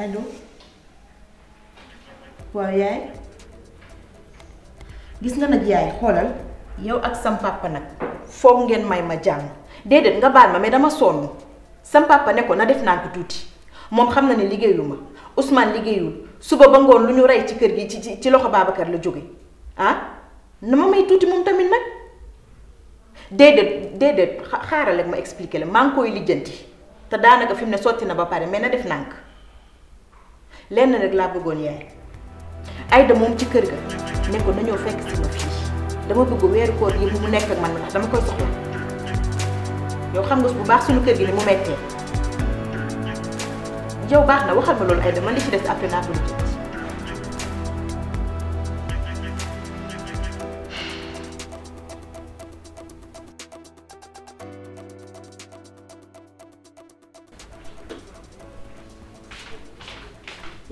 allo waaw yaay gis nga nag yaay xoolal yow ak sam nag foog ngeen may ma jàmm déedéet nga baal ma mais dama sonn sam papa ne ko na def naa tuuti moom xam na ne liggéeyu ma Ousmane liggéeyul suba ba ngoon lu ñu rey ci kër gi ci ci loxo Babacar la jóge ah na ma may tuuti moom tamit nag déedéet déedéet xaaral rek ma expliqué la maa ngi koy lijjanti te daanaka fi mu ne sotti na ba pare mais na def nànk lenn rek laa bëggoon yaay Aïda moom ci kër ga ne ko nañoo fekk si ma fii dama bëgg weeru koor yi mu nekk ak man ndax dama koy soxla yow xam nga bu baax suñu kër gi ni mu mettee yow baax na waxal ma loolu Aïda man li ci def après naa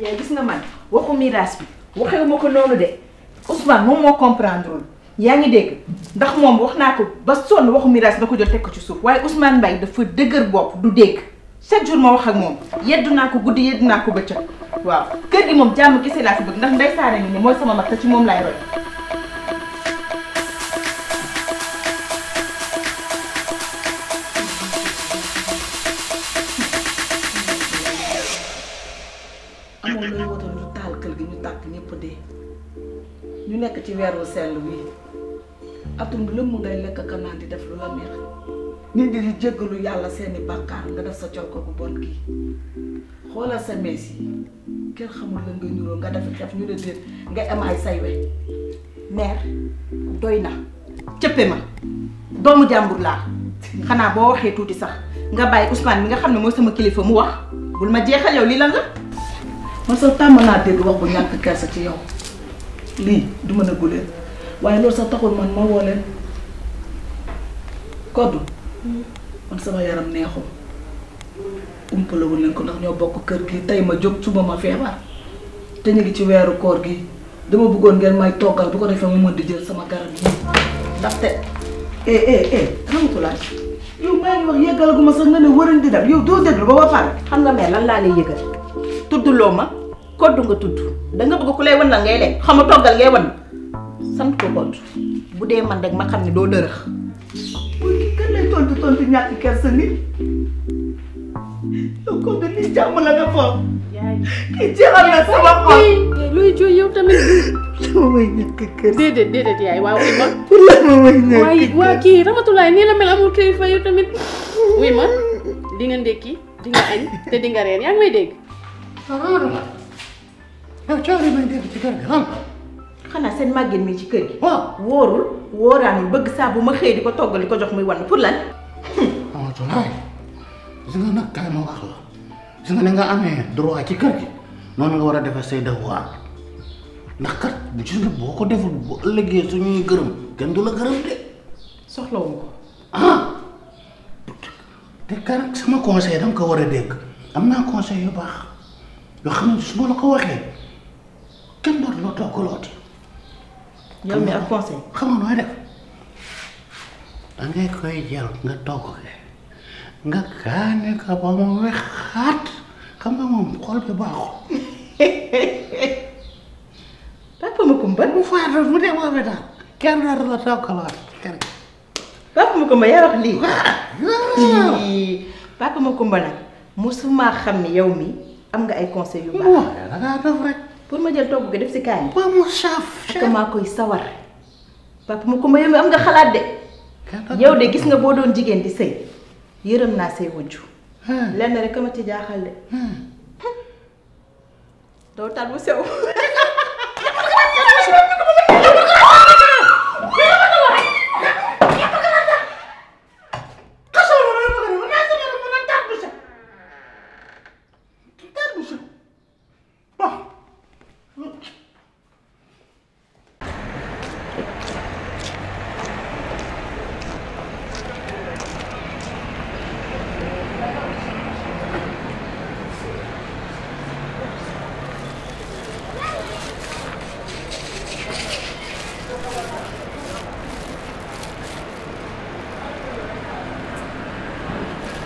yaay gis nga man waxu miraas bi waxewu ma ko loolu de Ousmane moom moo comprendre wul yaa ngi dégg ndax moom wax naa ko ba sonn waxu miraas na ko jël teg ci suuf waaye Ousmane Mbaye dafa dëgër bopp du dégg chaque jour ma wax ak moom yeddu naa ko guddi yeddu naa ko bëccëg waaw kër gi moom jàmm kese laa fi bëgg ndax ndey saare ni mooy sama mag te ci moom laay roy nekk ci weeru sell wi atum lëmm ngay lekk ka naan di def lu la neex nit ñi di jéggalu yàlla seeni bàkkaar nga def sa colko bu bon gi xoolal sa mees yi kenn xamul la nga ñuroo nga def def ñu ne déet nga am ay say we meer doy na cëppe ma doomu jàmbur laa xanaa boo waxee tuuti sax nga bàyyi Ousmane mi nga xam ne mooy sama kilifa mu wax bul ma jeexal yow li la nga man soo tàmm naa dégg wax bu ñàkk kersa ci yow lii du mën a gulee waaye loolu sax taxul man ma woo leen koddu man sama yaram neexul umpalewul leen ko ndax ñoo bokk kër gi tey ma jóg suba ma feebar te ñu ngi ci weeru koor gi dama bëggoon ngeen may toggal bu ko defee mu mën di jël sama garab yi ndaxte eh eh eh Ramatoulaye yow maa ngi wax yëggalaguma sax nga ne wërën di dem yow doo déglu ba ba pare. xam nga mais lan laa lay yëgal tuddloo ma. koddu nga tudd da nga bëgg ku la ngay lekk xam nga toggal ngay wan sant ko koddu bu dee man rek ma xam ne doo dërëx. pour ki kan lay tontu tontu sama xol. luy jooy yow tamit. déedéet déedéet yaay waaw ma. pour la ma may ñàkk kersa waa kii Ramatulaay nii la mel amul kilifa yow tamit. wuy ma di nga ndékki di nga añ te di nga yaa ngi dégg. yow coono may dégg ci kër gi lan xanaa seen màgget mi ci kër gi. waaw wóorul bëgg saa bu ma xëy di ko togg di ko jox muy wan pour nag kaay ma wax la gis nga ni nga amee droit ci kër gi noonu nga war a defee say devoir ndax kat bu boo ko deful bu ëllëgee suñuy gërëm kenn du la gërëm de. soxlawu ko. Ah! te kan sama conseil danga ko war a dégg am naa conseil yu baax yoo xam ne su ma la ko waxee. toggalooti. yow mi ak conseil xam nga nooy def da koy jël nga togg ke nga kaane ka ba mu wexaat xam nga moom xol bi baaxul. papa ma kumba bu faatoon mu dem waa daal kenn dara la toggalaat kenn. papa ma kumba yaa wax lii. Ah, papa ma kumba nag musuma xam ne yow mi am nga ay conseil yu baax. waaw da def rek. pour ma jël togg bi def si kaay. waaw mu saaf. ak maa koy sawar. papa ma kumba yow am nga xalaat de. yow de gis nga boo doon jigéen di sëy yërëm naa say wujj. Hmm. lenn rek ma ci jaaxal de. Hmm. doo tal bu sew.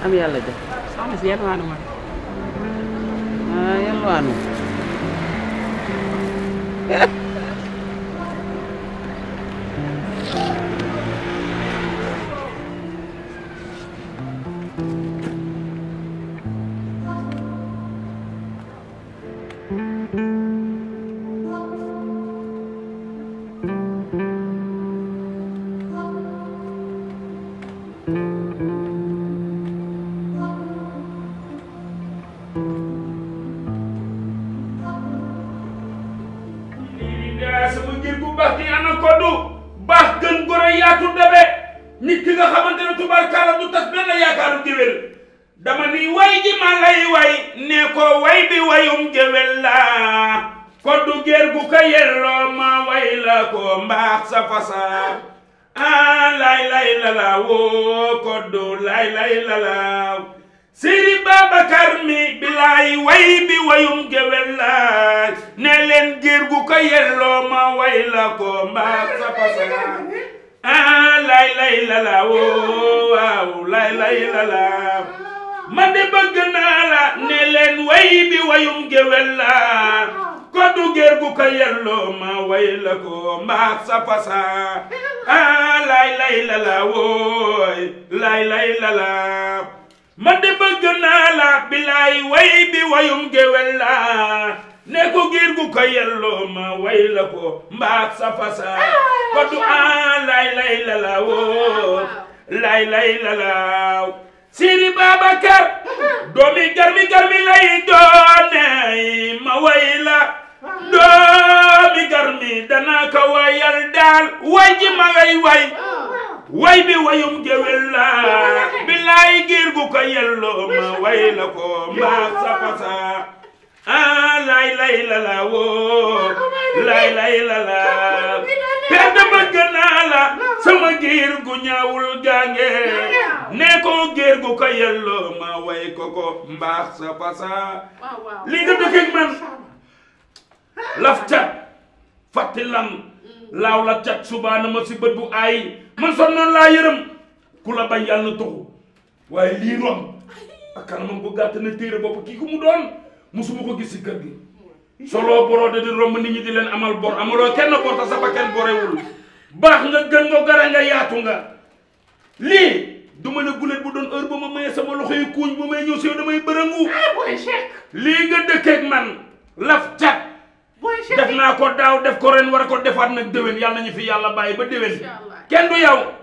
am yàlla ja soxna si yalwaanu ma ah yalwaanu ki nga xamante ne tubaarkaala du tas benn yaakaaru géwél dama ni way ji ma lay way ne ko way bi wayum géwél la ko du géer gu ko ma way la ko mbaax sa fasa ah lay lay lala woo ko lay lay lala Sëriñ Babacar mi bilaay way bi wayum géwél la ne leen géer gu ko yelloo ma way la ko mbaax sa fasa ah lay lay la woo waaw lay lay la la man bëgg naa la ne leen wayum géwél la ko du géer yelloo ma way la ko ah, lay lay la wooy lay lay la la man bëgg naa la bilaay way wayum géwél la ne ko giir gu ko yelloo ma mbaak sa fasa ah, ko du aan lay lalaawoo lay lay lalaaw ah, Siri Babacar doomi garmi garmi lay doonay ma way doomi garmi dana ka wayal daal way ji ma way oh, way bi wayum géwél la billaay giir gu ko yelloo ma mbaak sa fasa ah lay lay la la woo lay lay la la perte bëgg la sama géer gu ñaawul gànge ne ko géer gu ko yelloo ma way ko ko mbaax sa pasa li nga dëkk man laf cat fàtti lan laaw la cat subaana ma si bët bu aay man sonnoon laa yërëm ku la bañ yàlla na tuxu waaye lii rom ak kanamam bu gàtt na téere bopp kii mu doon musuma ko gis si kër gi solo borode di romb nit ñi di leen amal bor amaloo kenn bor te sa bakkan borewul baax nga gën nga gara nga yaatu nga lii du ma ne bu doon heure ba ma mayee sama loxo yu kuuñ bu may ñëw si yow damay bërëngu. ah booy Cheikh. lii nga dëkkeeg man laf cat. booy Cheikh def naa ko daaw def ko ren war a ko defaat nag déwén yàlla nañu fi yàlla bàyyi ba déwén. kenn du yow.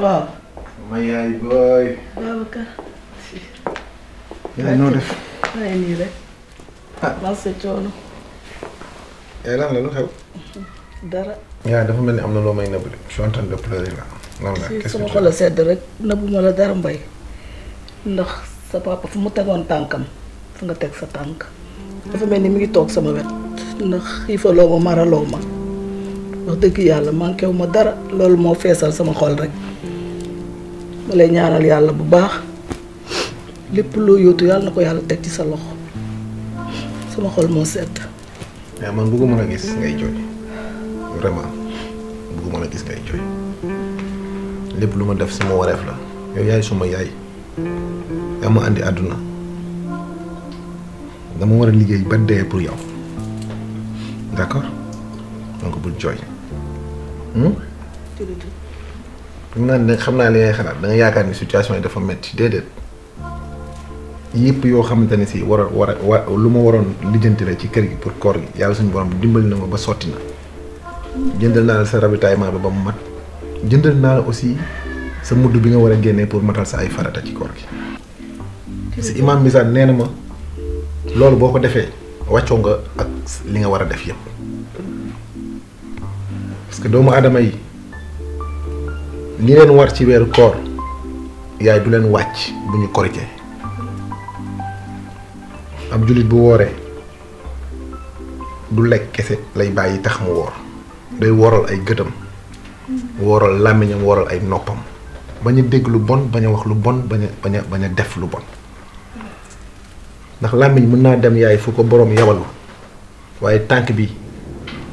waaw. ma yaay booy. Babacar. yaay noo def. maa ngi nii rek. ah maa sa coono. yaay lan la lu xew. dara. yaa dafa mel ni am na loo may nëbb de je suis en train de pleurer lan la qu'est-ce sama xol a sedd rek nëbbu la dara mbay. ndax sa papa fu mu tegoon tànkam fu nga teg sa tànk. dafa mel ni mi ngi toog sama wet. ndax xiifaloo ma maraloo ma. wax dëgg yàlla manqué wu ma dara loolu moo feesal sama xol rek ma lay ñaanal yàlla bu baax lépp loo yóotu yàlla na ko yàlla teg ci sa loxo sama xol moo sedd. mais man bëgguma la gis ngay jooy vraiment bëgguma la gis lépp lu ma def sama wareef la yow yaay suma yaay yaa ma andi àdduna dama war a liggéey ba dee pour yow d'accord donc bul jooy. Hmm? tuuti naan ne xam naa li ngay xalaat da yaakaar ni situation yi dafa metti déedéet yëpp yoo xamante ne si war a war wa lu ma waroon lijjanti la ci kër gi pour koor gi yàlla suñu borom dimbali na ma ba sotti na. jëndal naa la sa ravitaillement ba ba mu mat jëndal naa la aussi sa mudd bi nga war a génnee pour matal sa ay farata ci koor gi. parce que bi sax nee na ma loolu boo ko defee wàccoo nga ak li nga war a def yëpp. parce que doomu aadama yi li leen war ci weeru koor yaay du leen wàcc bu ñu koritee ab jullit bu wooree du lekk kese lay bàyyi tax mu woor day wooral ay gëtam wooral làmmiñam wooral ay noppam bañ a dégg lu bon bañ wax lu bon bañ a def lu bon ndax làmmiñ mën naa dem yaay fu ko boroom yabalu waaye tànk bi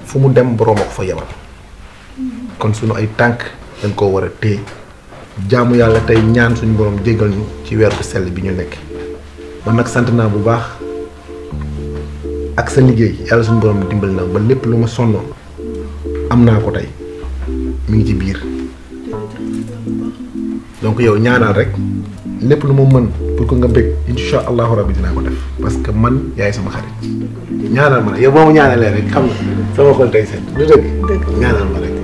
fu mu dem boroom a ko fa yabal kon suñu ay tànk dañ koo war a téye jaamu yàlla tey ñaan suñu boroom jéggal ñu ci weer sell bi ñu nekk man nag sant naa bu baax ak sa liggéey yàlla suñu borom dimbali na ba lépp lu ma sonnoon am naa ko tey mu ngi ci biir donc yow ñaanal rek lépp lu ma mën pour que nga bëgg incha allahu rabbi dinaa ko def parce que man yaay sama xarit ñaanal ma rek yow boo ma ñaanalee rek xam nga sama xol tey seen lu dëgg ñaanal ma rek